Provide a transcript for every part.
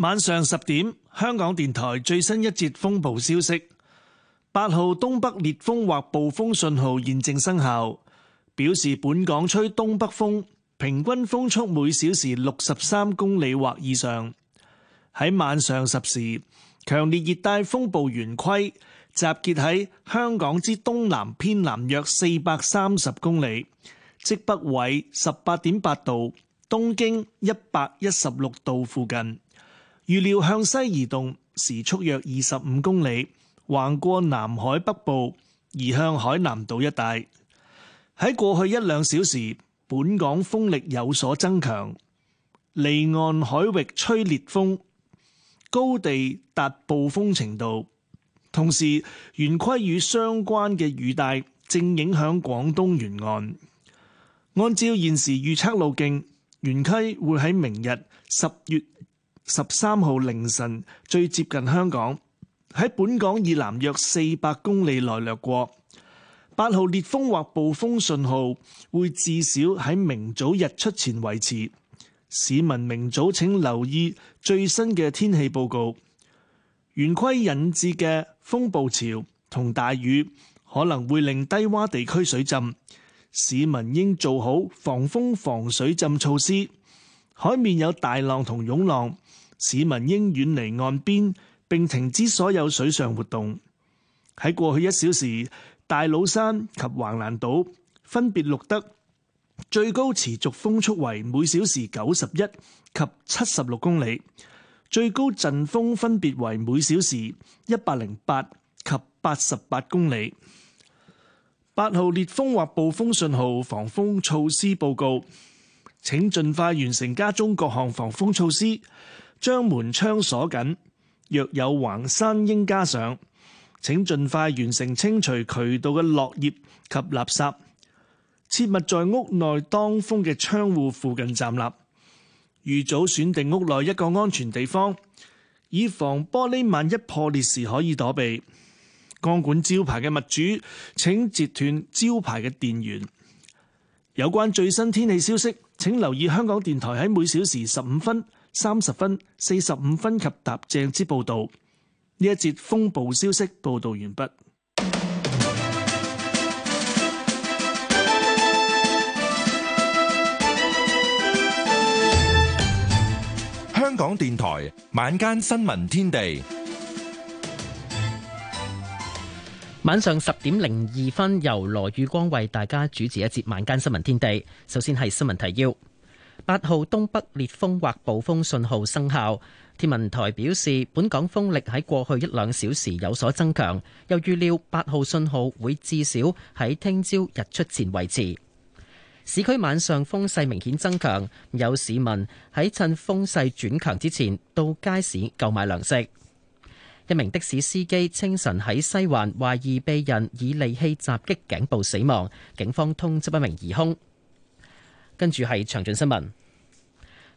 晚上十點，香港電台最新一節風暴消息：八號東北烈風或暴風信號現正生效，表示本港吹東北風，平均風速每小時六十三公里或以上。喺晚上十時，強烈熱帶風暴圓規集結喺香港之東南偏南約四百三十公里，即北緯十八點八度，東經一百一十六度附近。預料向西移動，時速約二十五公里，橫過南海北部，移向海南島一帶。喺過去一兩小時，本港風力有所增強，離岸海域吹烈風，高地達暴風程度。同時，圓規與相關嘅雨帶正影響廣東沿岸。按照現時預測路徑，圓規會喺明日十月。十三號凌晨最接近香港，喺本港以南約四百公里內掠過。八號烈風或暴風信號會至少喺明早日出前維持。市民明早請留意最新嘅天氣報告。圓規引致嘅風暴潮同大雨可能會令低窪地區水浸，市民應做好防風防水浸措施。海面有大浪同湧浪。市民應遠離岸邊，並停止所有水上活動。喺過去一小時，大老山及橫瀾島分別錄得最高持續風速為每小時九十一及七十六公里，最高陣風分別為每小時一百零八及八十八公里。八號烈風或暴風信號防風措施報告。請盡快完成家中各項防風措施。將門窗鎖緊，若有橫山應加上。請盡快完成清除渠道嘅落葉及垃圾。切勿在屋內當風嘅窗戶附近站立。預早選定屋內一個安全地方，以防玻璃萬一破裂時可以躲避。光管招牌嘅物主，請截斷招牌嘅電源。有關最新天氣消息，請留意香港電台喺每小時十五分、三十分、四十五分及答正之報道，呢一節風暴消息報道完畢。香港電台晚間新聞天地，晚上十點零二分，由羅宇光為大家主持一節晚間新聞天地。首先係新聞提要。八號東北烈風或暴風信號生效，天文台表示本港風力喺過去一兩小時有所增強，又預料八號信號會至少喺聽朝日出前維持。市區晚上風勢明顯增強，有市民喺趁風勢轉強之前到街市購買糧食。一名的士司機清晨喺西環懷疑被人以利器襲擊頸部死亡，警方通緝一名疑兇。跟住係詳盡新聞，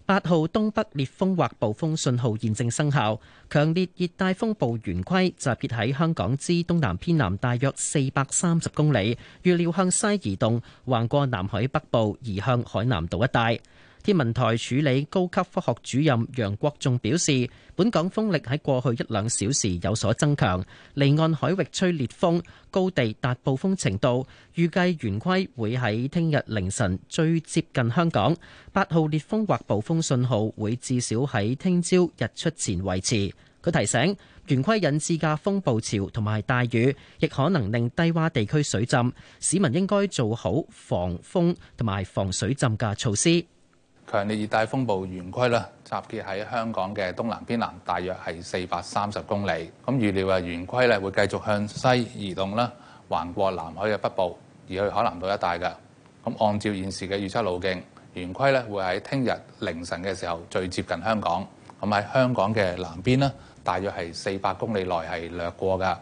八號東北烈風或暴風信號現正生效，強烈熱帶風暴圓規集結喺香港之東南偏南大約四百三十公里，預料向西移動，橫過南海北部，移向海南島一帶。天文台署理高級科學主任楊國仲表示，本港風力喺過去一兩小時有所增強，離岸海域吹烈風，高地達暴風程度。預計圓規會喺聽日凌晨最接近香港，八號烈風或暴風信號會至少喺聽朝日出前維持。佢提醒，圓規引致嘅風暴潮同埋大雨，亦可能令低窪地區水浸，市民應該做好防風同埋防水浸嘅措施。強烈熱帶風暴圓規啦，集結喺香港嘅東南偏南，大約係四百三十公里。咁預料啊，圓規咧會繼續向西移動啦，橫過南海嘅北部，而去海南島一帶嘅。咁按照現時嘅預測路徑，圓規咧會喺聽日凌晨嘅時候最接近香港，咁喺香港嘅南邊啦，大約係四百公里內係掠過嘅。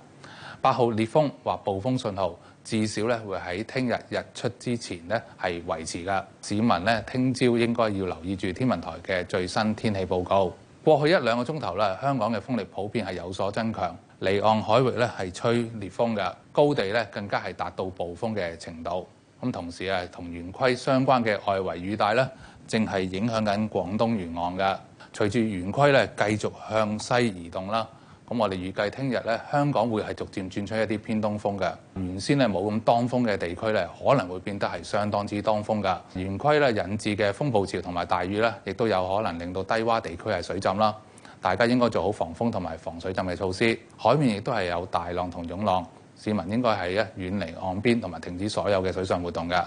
八號烈風或暴風信號。至少咧會喺聽日日出之前咧係維持噶，市民咧聽朝應該要留意住天文台嘅最新天氣報告。過去一兩個鐘頭咧，香港嘅風力普遍係有所增強，離岸海域咧係吹烈風嘅，高地咧更加係達到暴風嘅程度。咁同時啊，同圓規相關嘅外圍雨帶咧，正係影響緊廣東沿岸嘅。隨住圓規咧繼續向西移動啦。咁我哋預計聽日咧，香港會係逐漸轉出一啲偏東風嘅，原先咧冇咁當風嘅地區咧，可能會變得係相當之當風噶，圓規咧引致嘅風暴潮同埋大雨咧，亦都有可能令到低窪地區係水浸啦。大家應該做好防風同埋防水浸嘅措施，海面亦都係有大浪同湧浪，市民應該係咧遠離岸邊同埋停止所有嘅水上活動嘅。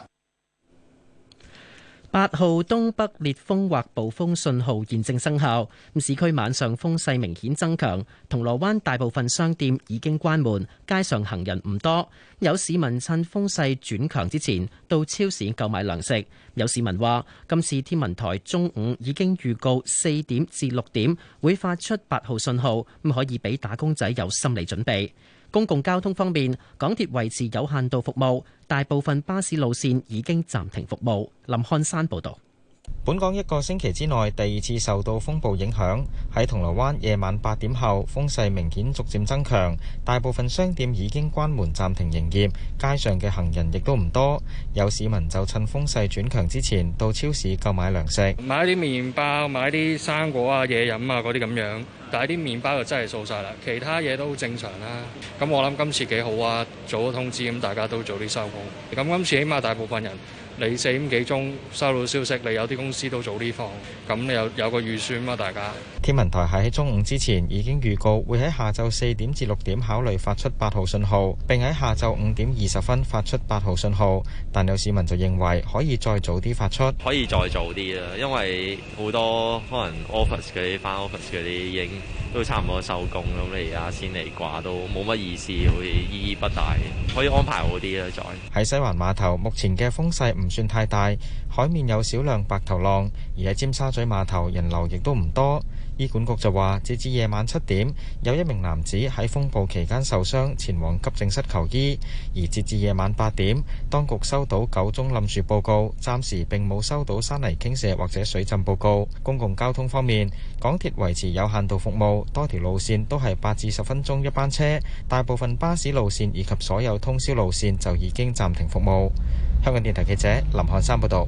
八號東北烈風或暴風信號現正生效，市區晚上風勢明顯增強。銅鑼灣大部分商店已經關門，街上行人唔多。有市民趁風勢轉強之前到超市購買糧食。有市民話：今次天文台中午已經預告四點至六點會發出八號信號，咁可以俾打工仔有心理準備。公共交通方面，港鐵維持有限度服務，大部分巴士路線已經暫停服務。林漢山報道。本港一個星期之內第二次受到風暴影響，喺銅鑼灣夜晚八點後風勢明顯逐漸增強，大部分商店已經關門暫停營業，街上嘅行人亦都唔多。有市民就趁風勢轉強之前，到超市購買糧食，買啲麵包，買啲生果啊、嘢飲啊嗰啲咁樣。但係啲麵包就真係掃晒啦，其他嘢都正常啦。咁我諗今次幾好啊，早咗通知咁，大家都早啲收工。咁今次起碼大部分人。你四點幾鐘收到消息，你有啲公司都早啲放，咁你有有個預算嘛？大家天文台喺中午之前已經預告會喺下晝四點至六點考慮發出八號信號，並喺下晝五點二十分發出八號信號。但有市民就認為可以再早啲發出，可以再早啲啦，因為好多可能 office 嗰啲返 office 嗰啲已經都差唔多收工，咁你而家先嚟掛都冇乜意思，會意義不大，可以安排好啲啦。再喺西環碼頭，目前嘅風勢。唔算太大，海面有少量白頭浪，而喺尖沙咀碼頭人流亦都唔多。醫管局就話，截至夜晚七點，有一名男子喺風暴期間受傷，前往急症室求醫。而截至夜晚八點，當局收到九宗冧樹報告，暫時並冇收到山泥傾瀉或者水浸報告。公共交通方面，港鐵維持有限度服務，多條路線都係八至十分鐘一班車，大部分巴士路線以及所有通宵路線就已經暫停服務。香港電台記者林漢山報道，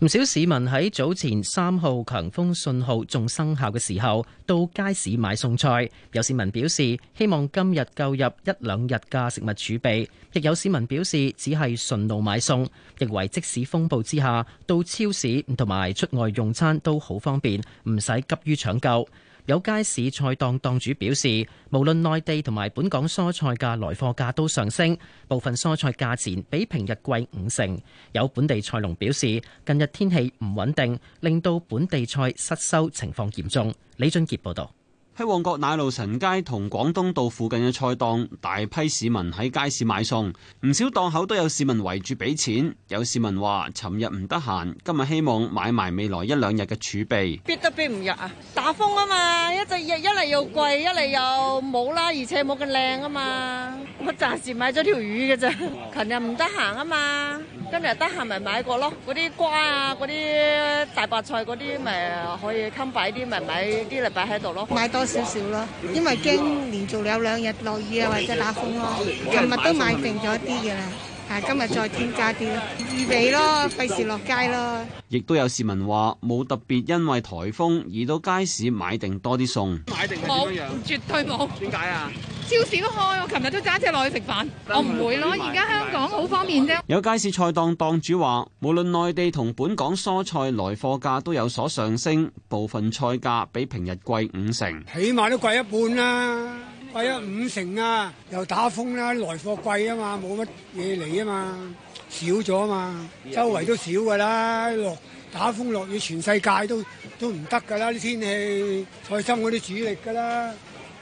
唔少市民喺早前三號強風信號仲生效嘅時候，到街市買餸菜。有市民表示希望今日購入一兩日嘅食物儲備，亦有市民表示只係順路買餸，認為即使風暴之下到超市同埋出外用餐都好方便，唔使急於搶救。有街市菜檔檔主表示，無論內地同埋本港蔬菜價來貨價都上升，部分蔬菜價錢比平日貴五成。有本地菜農表示，近日天氣唔穩定，令到本地菜失收情況嚴重。李俊傑報導。喺旺角奶路臣街同廣東道附近嘅菜檔，大批市民喺街市買餸，唔少檔口都有市民圍住俾錢。有市民話：尋日唔得閒，今日希望買埋未來一兩日嘅儲備。逼得逼唔入啊！打風啊嘛，一隻一嚟又貴，一嚟又冇啦，而且冇咁靚啊嘛。我暫時買咗條魚嘅啫，尋日唔得閒啊嘛，今日得閒咪買過咯。嗰啲瓜啊，嗰啲大白菜嗰啲咪可以襟擺啲，咪買啲嚟擺喺度咯。少少咯，因為驚連續有兩日落雨啊，或者打風咯。琴日都買定咗啲嘅啦，係今日再添加啲咯，預備咯，費事落街咯。亦都有市民話冇特別，因為颱風而到街市買定多啲餸。買定冇？絕對冇。點解啊？超市都開，我琴日都揸車落去食飯。我唔會咯，而家香港好方便啫。有街市菜檔檔主話，無論內地同本港蔬菜來貨價都有所上升，部分菜價比平日貴五成。起碼都貴一半啦，貴咗五成啊！又打風啦，來貨貴啊嘛，冇乜嘢嚟啊嘛，少咗啊嘛，周圍都少噶啦。落打風落雨，全世界都都唔得噶啦，啲天氣菜心嗰啲主力噶啦。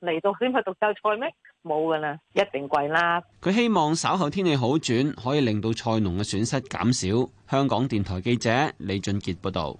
嚟到先去讀收菜咩？冇㗎喇，一定貴啦。佢希望稍後天氣好轉，可以令到菜農嘅損失減少。香港電台記者李俊傑報導。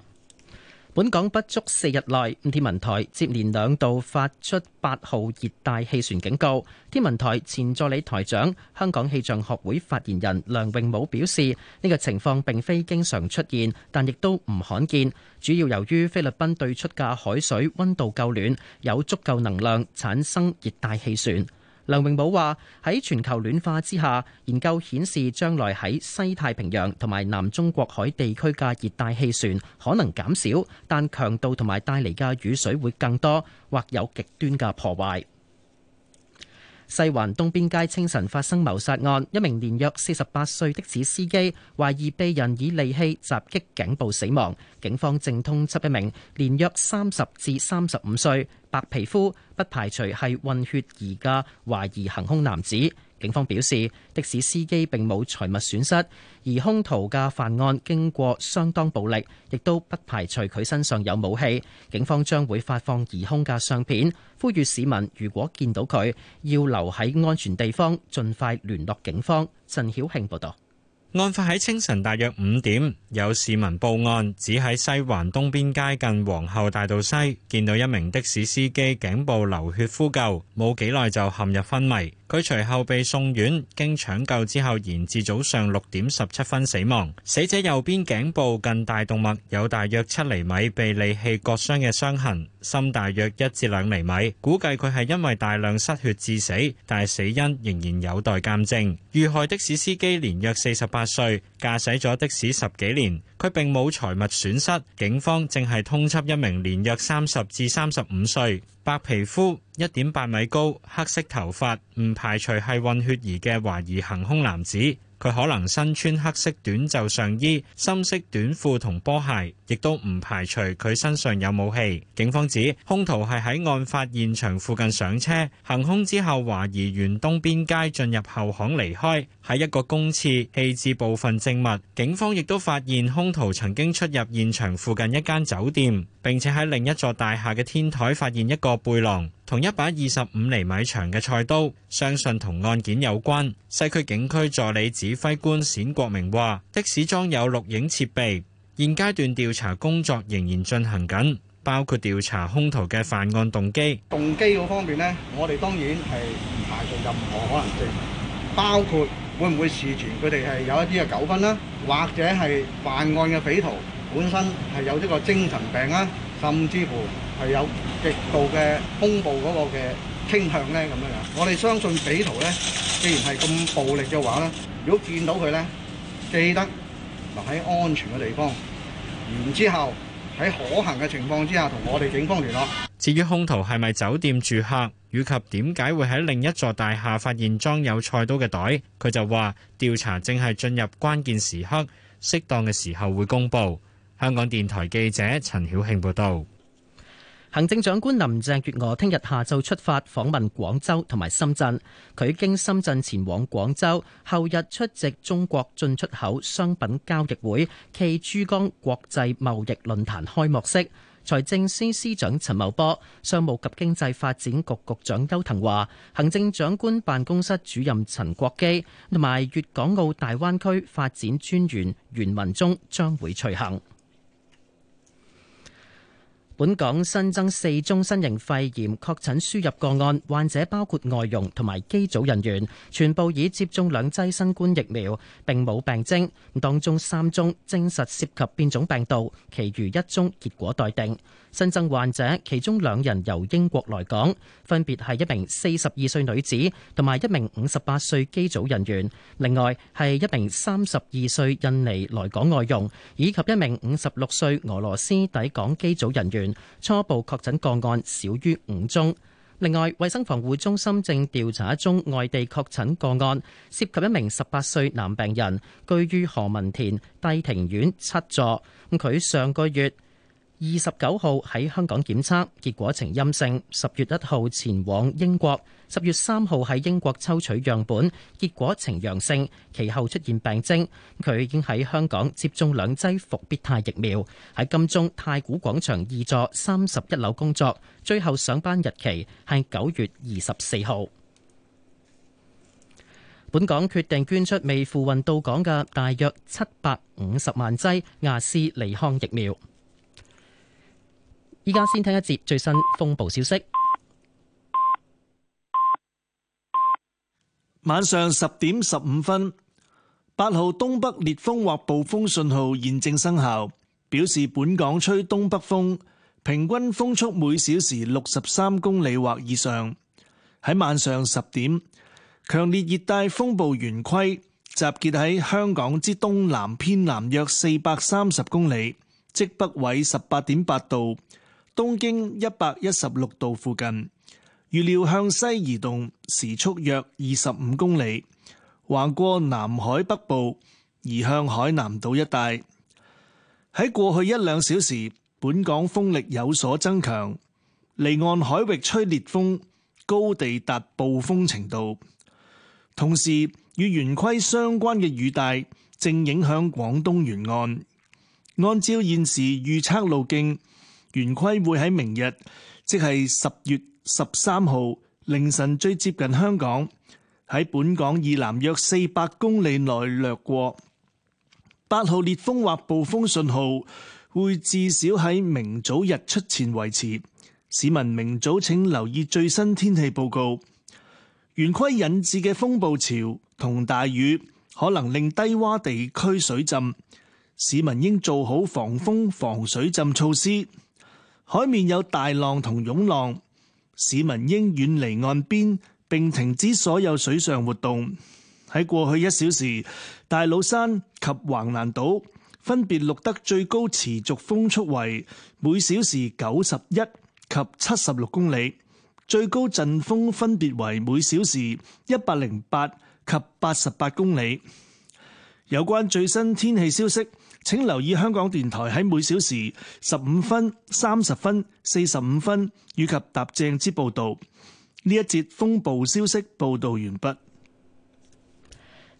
本港不足四日內，天文台接連兩度發出八號熱帶氣旋警告。天文台前助理台長、香港氣象學會發言人梁榮武表示，呢、這個情況並非經常出現，但亦都唔罕見。主要由於菲律賓對出嘅海水溫度夠暖，有足夠能量產生熱帶氣旋。梁永寶話：喺全球暖化之下，研究顯示將來喺西太平洋同埋南中國海地區嘅熱帶氣旋可能減少，但強度同埋帶嚟嘅雨水會更多，或有極端嘅破壞。西環東邊街清晨發生謀殺案，一名年約四十八歲的士司機懷疑被人以利器襲擊頸部死亡，警方正通緝一名年約三十至三十五歲、白皮膚、不排除係混血兒嘅懷疑行兇男子。警方表示，的士司機並冇財物損失，而兇徒嘅犯案經過相當暴力，亦都不排除佢身上有武器。警方將會發放疑兇嘅相片，呼籲市民如果見到佢，要留喺安全地方，盡快聯絡警方。陳曉慶報道。案發喺清晨，大約五點，有市民報案，只喺西環東邊街近皇后大道西見到一名的士司機頸部流血呼救，冇幾耐就陷入昏迷。佢隨後被送院，經搶救之後，延至早上六點十七分死亡。死者右邊頸部近大動脈有大約七厘米被利器割傷嘅傷痕，深大約一至兩厘米。估計佢係因為大量失血致死，但係死因仍然有待鑑證。遇害的士司機年約四十八歲，駕駛咗的士十幾年，佢並冇財物損失。警方正係通緝一名年約三十至三十五歲，白皮膚一點八米高，黑色頭髮，唔排除係混血兒嘅懷疑行凶男子。佢可能身穿黑色短袖上衣、深色短褲同波鞋，亦都唔排除佢身上有武器。警方指，凶徒係喺案發現場附近上車，行凶之後懷疑沿東邊街進入後巷離開，喺一個公廁棄置部分證物。警方亦都發現凶徒曾經出入現場附近一間酒店，並且喺另一座大廈嘅天台發現一個背囊。同一把二十五厘米長嘅菜刀，相信同案件有關。西區警區助理指揮官冼國明話， 的士裝有錄影設備，現階段調查工作仍然進行緊，包括調查凶徒嘅犯案動機。動機嗰方面咧，我哋當然係唔排除任何可能性，包括會唔會事前佢哋係有一啲嘅糾紛啦，或者係犯案嘅匪徒本身係有呢個精神病啊，甚至乎。係有極度嘅恐怖嗰個嘅傾向呢，咁樣樣我哋相信匪徒呢，既然係咁暴力嘅話呢，如果見到佢呢，記得留喺安全嘅地方，然之後喺可行嘅情況之下，同我哋警方聯絡。至於兇徒係咪酒店住客，以及點解會喺另一座大廈發現裝有菜刀嘅袋，佢就話調查正係進入關鍵時刻，適當嘅時候會公布。香港電台記者陳曉慶報道。行政長官林鄭月娥聽日下晝出發訪問廣州同埋深圳，佢經深圳前往廣州，後日出席中國進出口商品交易會暨珠江國際貿易論壇開幕式。財政司司長陳茂波、商務及經濟發展局局長邱騰華、行政長官辦公室主任陳國基同埋粵港澳大灣區發展專員袁文忠將會隨行。本港新增四宗新型肺炎確診輸入個案，患者包括外傭同埋機組人員，全部已接種兩劑新冠疫苗，並冇病徵，當中三宗證實涉及變種病毒，其餘一宗結果待定。新增患者其中兩人由英國來港，分別係一名四十二歲女子同埋一名五十八歲機組人員，另外係一名三十二歲印尼來港外傭，以及一名五十六歲俄羅斯抵港機組人員，初步確診個案少於五宗。另外，衛生防護中心正調查一宗外地確診個案，涉及一名十八歲男病人，居於何文田帝庭苑七座。佢上個月二十九號喺香港檢測結果呈陰性，十月一號前往英國，十月三號喺英國抽取樣本，結果呈陽性，其後出現病徵。佢已經喺香港接種兩劑復必泰疫苗，喺金鐘太古廣場二座三十一樓工作，最後上班日期係九月二十四號。本港決定捐出未付運到港嘅大約七百五十萬劑亞斯利康疫苗。而家先聽一節最新風暴消息。晚上十點十五分，八號東北烈風或暴風信號現正生效，表示本港吹東北風，平均風速每小時六十三公里或以上。喺晚上十點，強烈熱帶風暴圓規集結喺香港之東南偏南約四百三十公里，即北緯十八點八度。東經一百一十六度附近，預料向西移動，時速約二十五公里，橫過南海北部移向海南島一帶。喺過去一兩小時，本港風力有所增強，離岸海域吹烈風，高地達暴風程度。同時，與圓規相關嘅雨帶正影響廣東沿岸。按照現時預測路徑，圓規會喺明日，即係十月十三號凌晨最接近香港，喺本港以南約四百公里內掠過。八號烈風或暴風信號會至少喺明早日出前維持。市民明早請留意最新天氣報告。圓規引致嘅風暴潮同大雨，可能令低洼地區水浸，市民應做好防風防水浸措施。海面有大浪同湧浪，市民應遠離岸邊並停止所有水上活動。喺過去一小時，大老山及橫瀾島分別錄得最高持續風速為每小時九十一及七十六公里，最高陣風分別為每小時一百零八及八十八公里。有關最新天氣消息。請留意香港電台喺每小時十五分、三十分、四十五分，以及踏正之報道。呢一節風暴消息報道完畢。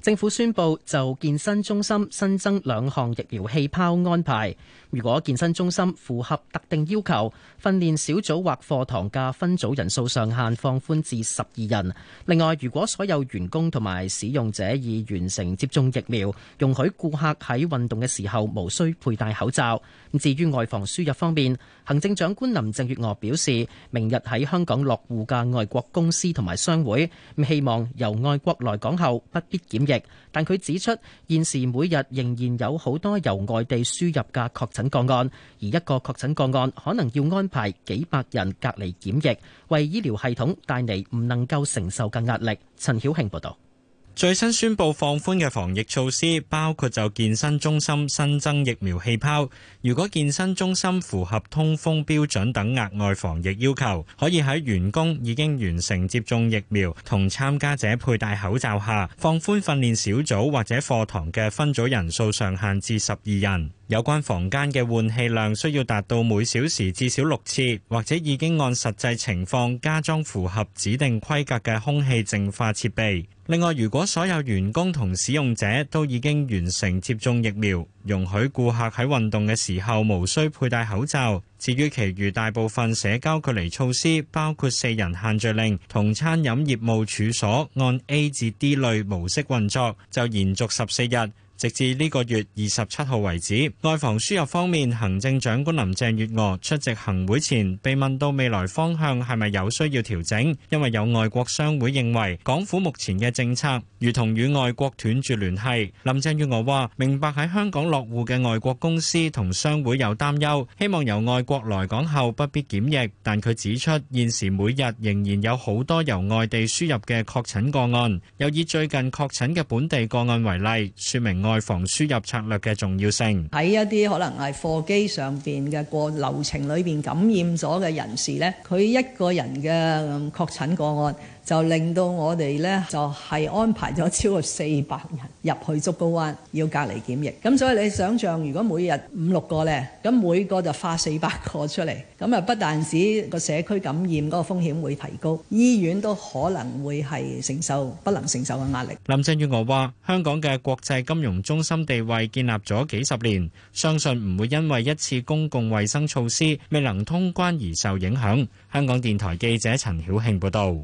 政府宣布就健身中心新增兩項疫苗氣泡安排。如果健身中心符合特定要求，訓練小組或課堂嘅分組人數上限放寬至十二人。另外，如果所有員工同埋使用者已完成接種疫苗，容許顧客喺運動嘅時候無需佩戴口罩。至於外防輸入方面，行政長官林鄭月娥表示，明日喺香港落戶嘅外國公司同埋商會，希望由外國來港後不必檢。但佢指出，現時每日仍然有好多由外地輸入嘅確診個案，而一個確診個案可能要安排幾百人隔離檢疫，為醫療系統帶嚟唔能夠承受嘅壓力。陳曉慶報道。最新宣布放寬嘅防疫措施，包括就健身中心新增疫苗氣泡，如果健身中心符合通風標準等額外防疫要求，可以喺員工已經完成接種疫苗同參加者佩戴口罩下，放寬訓練小組或者課堂嘅分組人數上限至十二人。有關房間嘅換氣量需要達到每小時至少六次，或者已經按實際情況加裝符合指定規格嘅空氣淨化設備。另外，如果所有員工同使用者都已經完成接種疫苗，容許顧客喺運動嘅時候無需佩戴口罩。至於其餘大部分社交距離措施，包括四人限聚令同餐飲業務處所按 A 至 D 類模式運作，就延續十四日。直至呢個月二十七號為止，外防輸入方面，行政長官林鄭月娥出席行會前，被問到未來方向係咪有需要調整，因為有外國商會認為港府目前嘅政策如同與外國斷絕聯繫。林鄭月娥話，明白喺香港落戶嘅外國公司同商會有擔憂，希望由外國來港後不必檢疫，但佢指出現時每日仍然有好多由外地輸入嘅確診個案，又以最近確診嘅本地個案為例，說明外外防輸入策略嘅重要性，喺一啲可能係貨機上邊嘅過流程裏邊感染咗嘅人士咧，佢一個人嘅確診個案。就令到我哋呢，就係安排咗超過四百人入去竹篙灣要隔離檢疫。咁所以你想象，如果每日五六個呢，咁每個就化四百個出嚟，咁啊，不但止個社區感染嗰個風險會提高，醫院都可能會係承受不能承受嘅壓力。林鄭月娥話：香港嘅國際金融中心地位建立咗幾十年，相信唔會因為一次公共衞生措施未能通關而受影響。香港電台記者陳曉慶報道。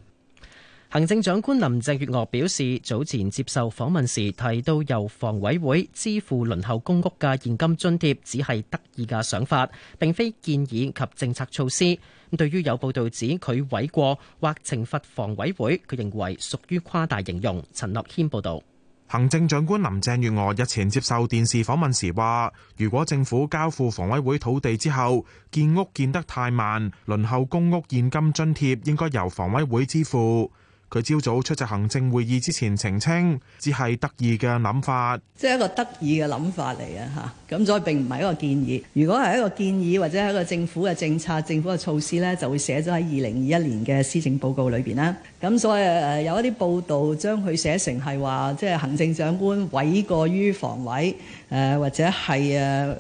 行政長官林鄭月娥表示，早前接受訪問時提到，由房委會支付輪候公屋嘅現金津貼，只係得意嘅想法，並非建議及政策措施。咁對於有報道指佢諉過或懲罰房委會，佢認為屬於誇大形容。陳樂謙報導。行政長官林鄭月娥日前接受電視訪問時話：如果政府交付房委會土地之後，建屋建得太慢，輪候公屋現金津貼應該由房委會支付。佢朝早出席行政會議之前澄清，只係得意嘅諗法，即係一個得意嘅諗法嚟啊！嚇，咁所以並唔係一個建議。如果係一個建議或者係一個政府嘅政策、政府嘅措施咧，就會寫咗喺二零二一年嘅施政報告裏邊啦。咁所以、呃、有一啲報道將佢寫成係話，即係行政長官毀過於防衞，誒、呃、或者係啊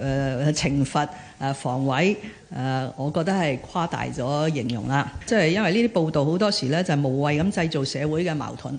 誒懲罰。誒房委誒，我覺得係誇大咗形容啦。即係因為呢啲報道好多時咧，就無謂咁製造社會嘅矛盾。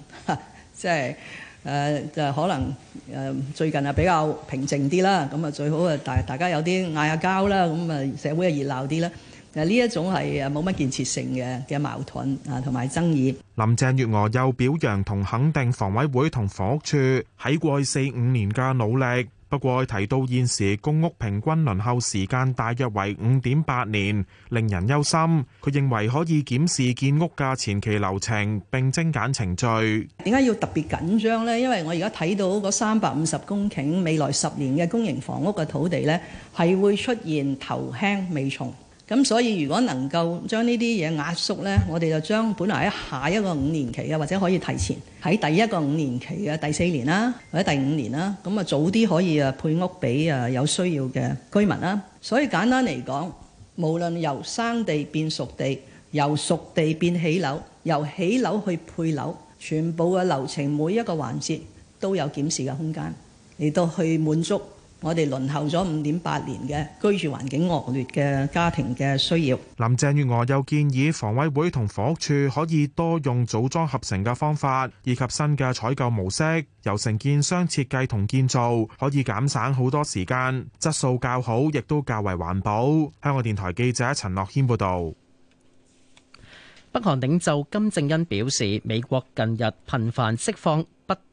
即係誒、呃、就可能誒最近啊比較平靜啲啦。咁啊最好啊大大家有啲嗌下交啦，咁啊社會啊熱鬧啲啦。誒呢一種係誒冇乜建設性嘅嘅矛盾啊、同埋爭議。林鄭月娥又表揚同肯定房委會同房屋處喺過去四五年嘅努力。不過提到現時公屋平均輪候時間大約為五點八年，令人憂心。佢認為可以檢視建屋價前期流程並精簡程序。點解要特別緊張呢？因為我而家睇到嗰三百五十公頃未來十年嘅公營房屋嘅土地呢，係會出現頭輕尾重。咁所以如果能夠將呢啲嘢壓縮呢，我哋就將本來喺下一個五年期啊，或者可以提前喺第一個五年期嘅第四年啦、啊，或者第五年啦、啊，咁啊早啲可以啊配屋俾啊有需要嘅居民啦、啊。所以簡單嚟講，無論由生地變熟地，由熟地變起樓，由起樓去配樓，全部嘅流程每一個環節都有檢視嘅空間，嚟到去滿足。我哋輪候咗五點八年嘅居住環境惡劣嘅家庭嘅需要。林鄭月娥又建議房委會同房屋處可以多用組裝合成嘅方法，以及新嘅採購模式，由承建商設計同建造，可以減省好多時間，質素較好，亦都較為環保。香港電台記者陳樂軒報導。北韓領袖金正恩表示，美國近日頻繁釋放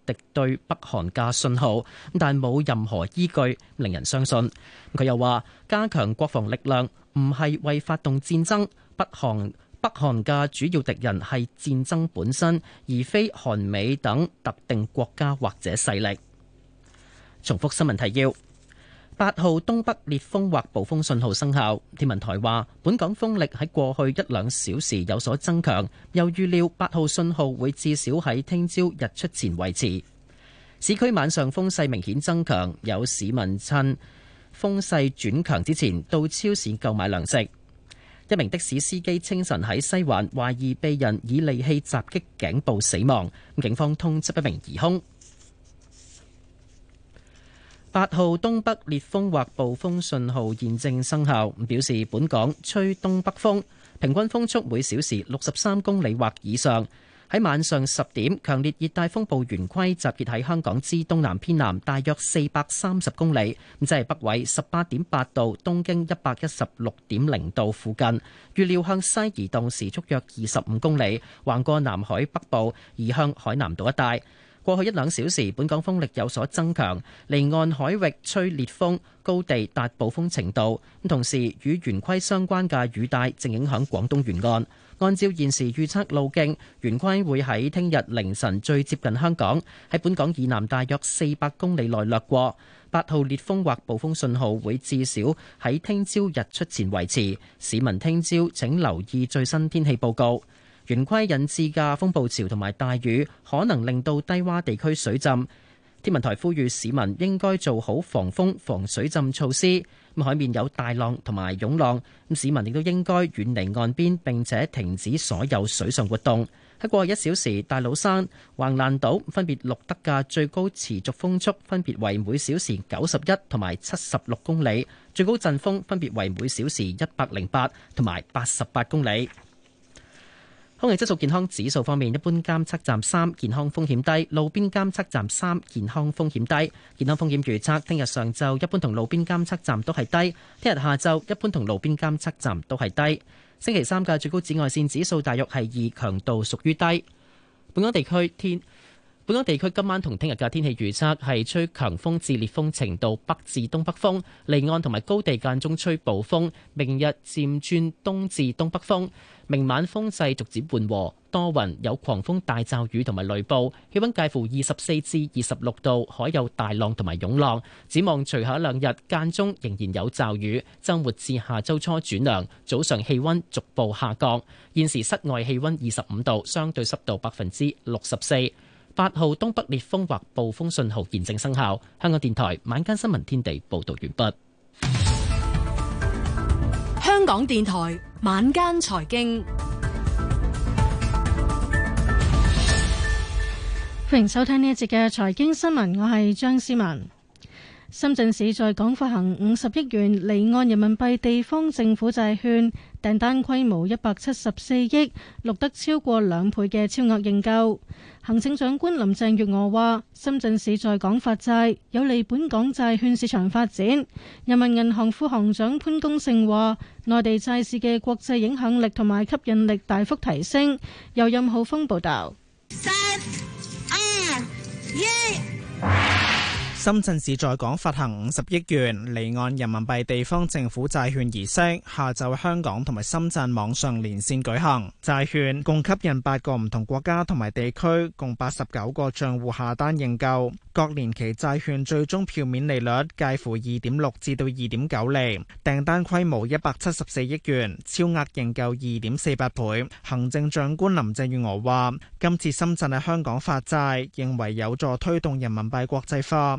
敵對北韓嘅信號，但冇任何依據令人相信。佢又話，加強國防力量唔係為發動戰爭。北韓北韓嘅主要敵人係戰爭本身，而非韓美等特定國家或者勢力。重複新聞提要。八號東北烈風或暴風信號生效，天文台話本港風力喺過去一兩小時有所增強，又預料八號信號會至少喺聽朝日出前維持。市區晚上風勢明顯增強，有市民趁風勢轉強之前到超市購買糧食。一名的士司機清晨喺西環懷疑被人以利器襲擊頸部死亡，警方通緝一名疑兇。八號東北烈風或暴風信號現正生效，表示本港吹東北風，平均風速每小時六十三公里或以上。喺晚上十點，強烈熱帶風暴圓規集結喺香港之東南偏南大約四百三十公里，咁即係北緯十八點八度、東經一百一十六點零度附近。預料向西移動時速約二十五公里，橫過南海北部，移向海南島一帶。過去一兩小時，本港風力有所增強，離岸海域吹烈烈風，高地達暴風程度。同時，與圓規相關嘅雨帶正影響廣東沿岸。按照現時預測路徑，圓規會喺聽日凌晨最接近香港，喺本港以南大約四百公里內掠過。八號烈風或暴風信號會至少喺聽朝日出前維持。市民聽朝請留意最新天氣報告。圓規引致嘅風暴潮同埋大雨，可能令到低窪地區水浸。天文台呼籲市民應該做好防風、防水浸措施。海面有大浪同埋湧浪，市民亦都應該遠離岸邊，並且停止所有水上活動。喺過一小時，大老山、橫瀾島分別錄得嘅最高持續風速分別為每小時九十一同埋七十六公里，最高陣風分別為每小時一百零八同埋八十八公里。空氣質素健康指數方面，一般監測站三，健康風險低，路邊監測站三，健康風險低。健康風險預測，聽日上晝一般同路邊監測站都係低，聽日下晝一般同路邊監測站都係低。星期三嘅最高紫外線指數大約係二，強度屬於低。本港地區天。本港地區今晚同聽日嘅天氣預測係吹強風至烈風程度，北至東北風離岸同埋高地間中吹暴風。明日漸轉東至東北風，明晚風勢逐漸緩和，多雲，有狂風大驟雨同埋雷暴，氣温介乎二十四至二十六度，海有大浪同埋湧浪。展望隨後一兩日間中仍然有驟雨，周末至下周初轉涼，早上氣温逐步下降。現時室外氣温二十五度，相對濕度百分之六十四。八號東北烈風或暴風信號現正生效。香港電台晚間新聞天地報道完畢。香港電台晚間財經，歡迎收聽呢一節嘅財經新聞，我係張思文。深圳市在港發行五十億元離岸人民幣地方政府債券，訂單規模一百七十四億，錄得超過兩倍嘅超額認購。行政長官林鄭月娥話：深圳市在港發債有利本港債券市場發展。人民銀行副行長潘功勝話：內地債市嘅國際影響力同埋吸引力大幅提升。由任浩峯報道。三二一。深圳市在港發行五十億元離岸人民幣地方政府債券儀式，下晝香港同埋深圳網上連線舉行。債券共吸引八個唔同國家同埋地區共八十九個賬戶下單認購，各年期債券最終票面利率介乎二點六至到二點九厘，訂單規模一百七十四億元，超額認購二點四八倍。行政長官林鄭月娥話：今次深圳喺香港發債，認為有助推動人民幣國際化。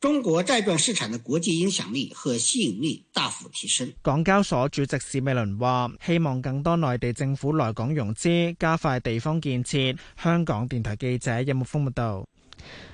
中國債券市場的國際影響力和吸引力大幅提升。港交所主席史美倫話：希望更多內地政府來港融資，加快地方建設。香港電台記者任木峰報道。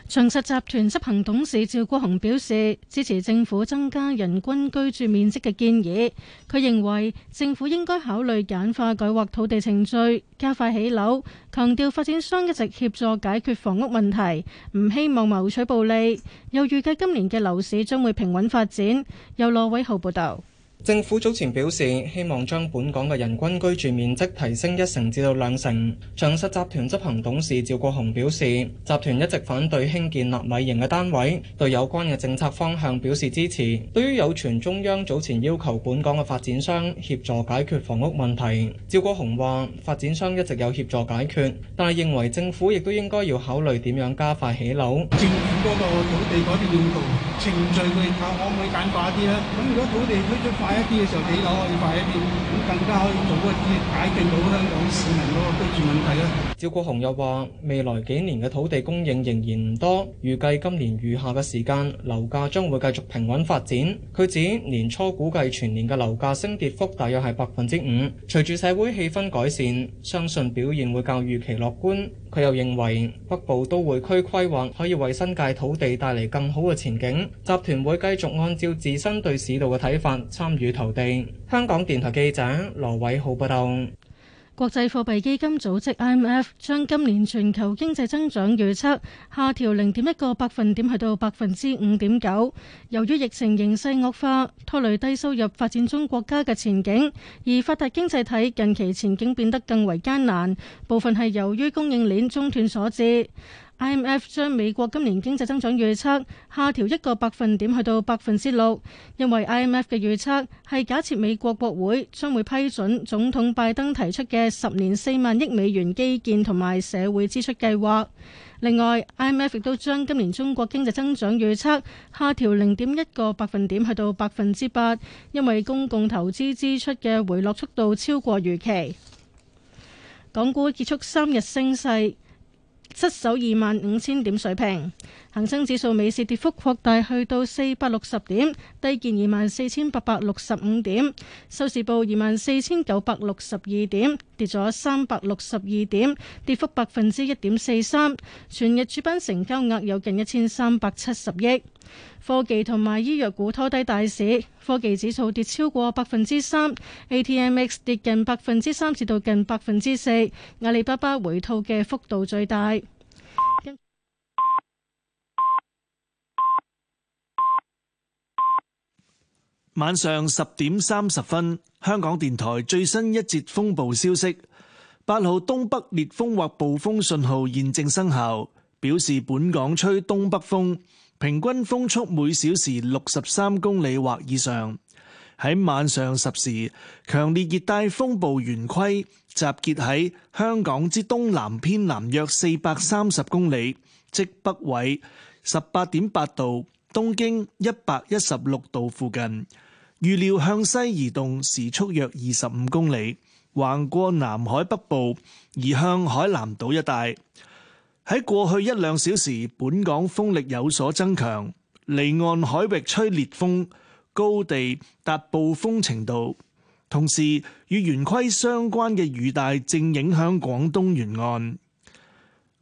長實集團執行董事趙國雄表示支持政府增加人均居住面積嘅建議。佢認為政府應該考慮簡化改劃土地程序，加快起樓。強調發展商一直協助解決房屋問題，唔希望謀取暴利。又預計今年嘅樓市將會平穩發展。由羅偉豪報道。政府早前表示，希望將本港嘅人均居住面積提升一成至到兩成。長實集團執行董事趙國雄表示，集團一直反對興建納米型嘅單位，對有關嘅政策方向表示支持。對於有傳中央早前要求本港嘅發展商協助解決房屋問題，趙國雄話：發展商一直有協助解決，但係認為政府亦都應該要考慮點樣加快起樓。政府嗰個土地嗰啲用途程序，佢睇可唔可以簡化啲呢？咁如果土地推出快，一啲嘅時候，起樓可以快一啲，咁更加可以做開啲解決到香港市民嗰個居住問題啦。趙國雄又話：未來幾年嘅土地供應仍然唔多，預計今年餘下嘅時間樓價將會繼續平穩發展。佢指年初估計全年嘅樓價升跌幅大約係百分之五，隨住社會氣氛改善，相信表現會較預期樂觀。佢又認為北部都會區規劃可以為新界土地帶嚟更好嘅前景，集團會繼續按照自身對市道嘅睇法參與投地。香港電台記者羅偉浩報道。國際貨幣基金組織 （IMF） 將今年全球經濟增長預測下調零點一個百分點，去到百分之五點九。由於疫情形勢惡化，拖累低收入發展中國家嘅前景，而發達經濟體近期前景變得更為艱難，部分係由於供應鏈中斷所致。IMF 將美國今年經濟增長預測下調一個百分點，去到百分之六，因為 IMF 嘅預測係假設美國國會將會批准總統拜登提出嘅十年四萬億美元基建同埋社會支出計劃。另外，IMF 亦都將今年中國經濟增長預測下調零點一個百分點，去到百分之八，因為公共投資支出嘅回落速度超過預期。港股結束三日升勢，失守二萬五千點水平，恒生指數尾市跌幅擴大，去到四百六十點，低見二萬四千八百六十五點，收市報二萬四千九百六十二點，跌咗三百六十二點，跌幅百分之一點四三。全日主板成交額有近一千三百七十億。科技同埋醫藥股拖低大市，科技指數跌超過百分之三，ATMX 跌近百分之三至到近百分之四，阿里巴巴回吐嘅幅度最大。晚上十點三十分，香港電台最新一節風暴消息：八號東北烈風或暴風信號現正生效，表示本港吹東北風。平均風速每小時六十三公里或以上，喺晚上十時，強烈熱帶風暴圓規集結喺香港之東南偏南約四百三十公里，即北緯十八點八度、東經一百一十六度附近。預料向西移動，時速約二十五公里，橫過南海北部，移向海南島一帶。喺過去一兩小時，本港風力有所增強，離岸海域吹烈，烈風，高地達暴風程度。同時，與圓規相關嘅雨帶正影響廣東沿岸。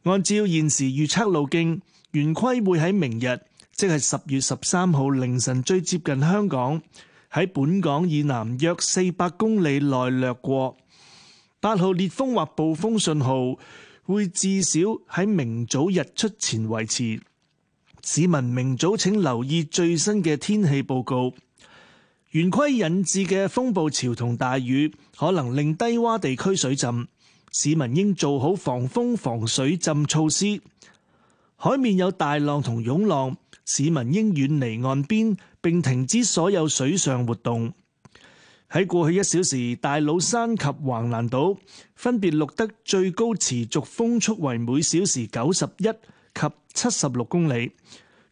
按照現時預測路徑，圓規會喺明日，即係十月十三號凌晨最接近香港，喺本港以南約四百公里內掠過。八號烈風或暴風信號。會至少喺明早日出前維持。市民明早請留意最新嘅天氣報告。圓規引致嘅風暴潮同大雨，可能令低洼地區水浸。市民應做好防風防水浸措施。海面有大浪同湧浪，市民應遠離岸邊，並停止所有水上活動。喺過去一小時，大老山及橫瀾島分別錄得最高持續風速為每小時九十一及七十六公里，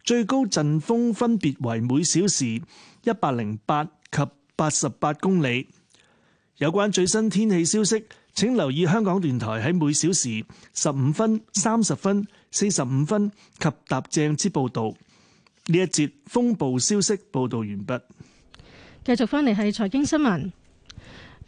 最高陣風分別為每小時一百零八及八十八公里。有關最新天氣消息，請留意香港電台喺每小時十五分、三十分、四十五分及踏正之報導。呢一節風暴消息報導完畢。繼續返嚟係財經新聞。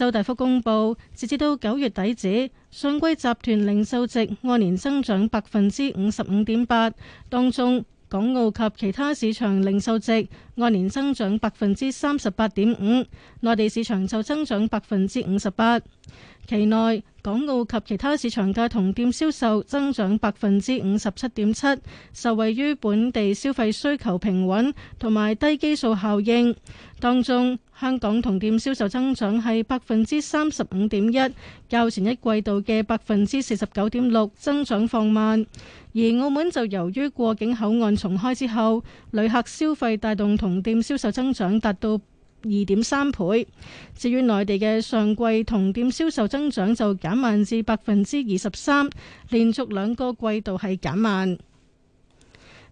周大福公布，截至到九月底止，上季集團零售值按年增長百分之五十五點八，當中港澳及其他市場零售值按年增長百分之三十八點五，內地市場就增長百分之五十八。期內，港澳及其他市場嘅同店銷售增長百分之五十七點七，受惠於本地消費需求平穩同埋低基數效應，當中，香港同店銷售增長係百分之三十五點一，較前一季度嘅百分之四十九點六增長放慢。而澳門就由於過境口岸重開之後，旅客消費帶動同店銷售增長達到二點三倍。至於內地嘅上季同店銷售增長就減慢至百分之二十三，連續兩個季度係減慢。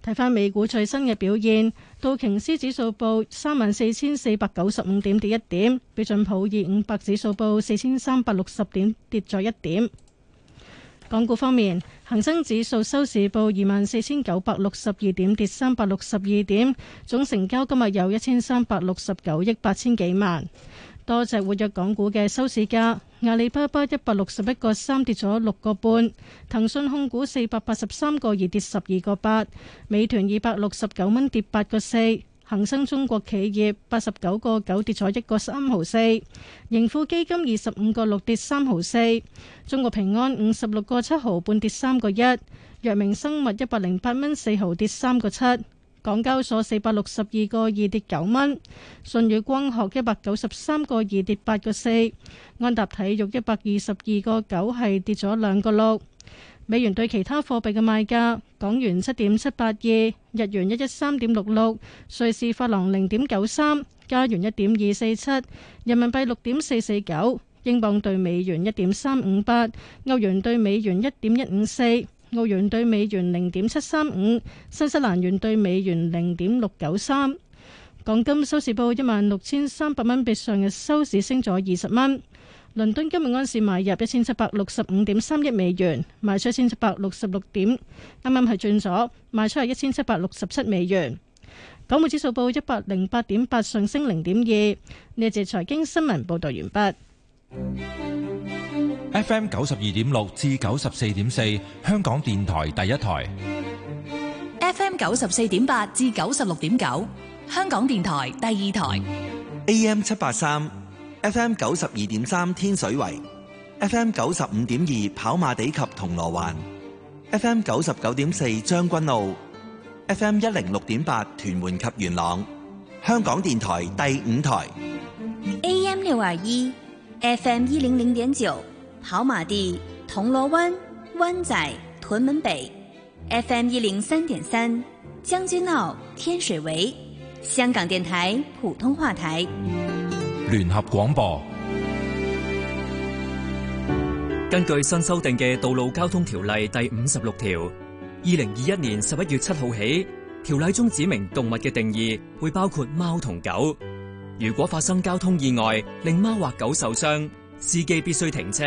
睇翻美股最新嘅表現，道瓊斯指數報三萬四千四百九十五點，跌一點，標準普爾五百指數報四千三百六十點，跌咗一點。港股方面，恒生指數收市報二萬四千九百六十二點，跌三百六十二點，總成交今日有一千三百六十九億八千幾萬。多隻活躍港股嘅收市價，阿里巴巴一百六十一個三跌咗六個半，騰訊控股四百八十三個二跌十二個八，美團二百六十九蚊跌八個四，恒生中國企業八十九個九跌咗一個三毫四，盈富基金二十五個六跌三毫四，中國平安五十六個七毫半跌三個一，藥明生物一百零八蚊四毫跌三個七。港交所四百六十二個二跌九蚊，舜宇光學一百九十三個二跌八個四，安踏體育一百二十二個九係跌咗兩個六。美元對其他貨幣嘅賣價：港元七點七八二，日元一一三點六六，瑞士法郎零點九三，加元一點二四七，人民幣六點四四九，英鎊兌美元一點三五八，歐元兌美元一點一五四。澳元兌美元零點七三五，新西蘭元兌美元零點六九三，港金收市報一萬六千三百蚊，比上日收市升咗二十蚊。倫敦今日安士買入一千七百六十五點三億美元，賣出一千七百六十六點，啱啱係轉咗，賣出係一千七百六十七美元。港匯指數報一百零八點八，上升零點二。呢一節財經新聞報道完畢。 FM 九十二點六至九十四點四，香港電台第一台；FM 九十四點八至九十六點九，香港電台第二台；AM 七八三，FM 九十二點三，天水圍；FM 九十五點二，跑馬地及銅鑼灣；FM 九十九點四，將軍澳；FM 一零六點八，屯門及元朗，香港電台第五台；AM 六二一，FM 一零零點九。跑馬地、銅鑼灣、灣仔、屯門北，FM 一零三點三，將軍澳、天水圍，香港電台普通話台。聯合廣播。根據新修訂嘅道路交通條例第五十六條，二零二一年十一月七號起，條例中指明動物嘅定義會包括貓同狗。如果發生交通意外令貓或狗受傷，司機必須停車。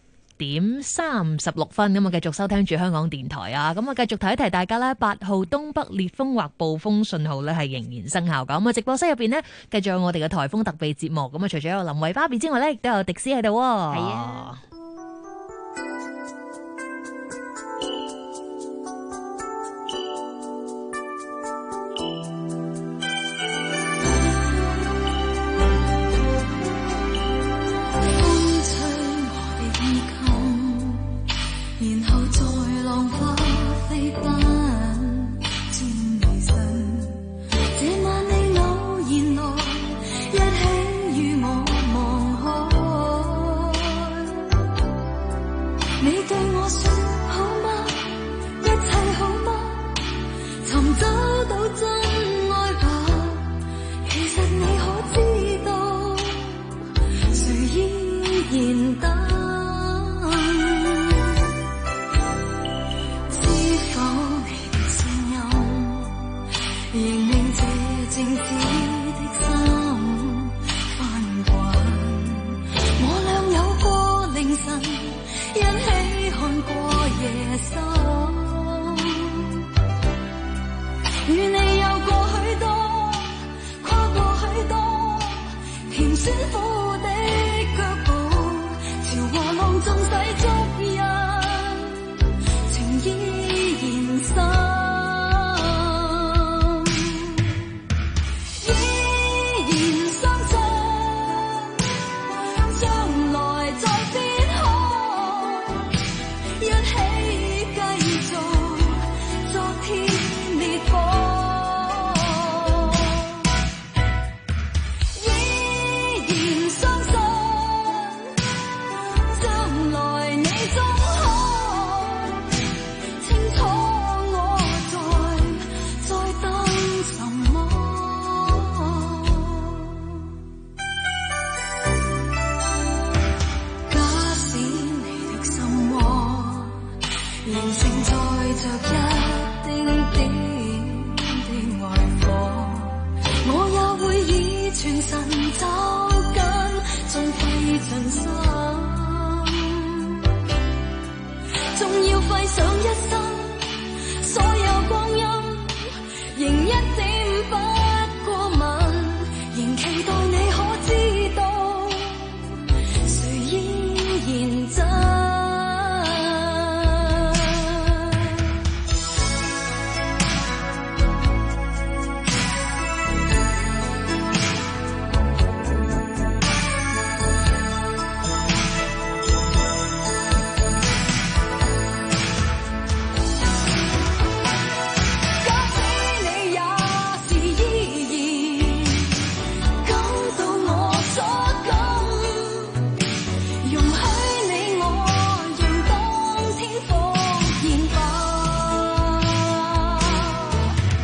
點三十六分，咁啊，繼續收聽住香港電台啊，咁啊，繼續提一提大家咧，八號東北烈風或暴風信號咧係仍然生效噶。咁啊，直播室入邊咧，繼續有我哋嘅颱風特備節目。咁啊，除咗有林維芭比之外咧，亦都有迪斯喺度。係啊。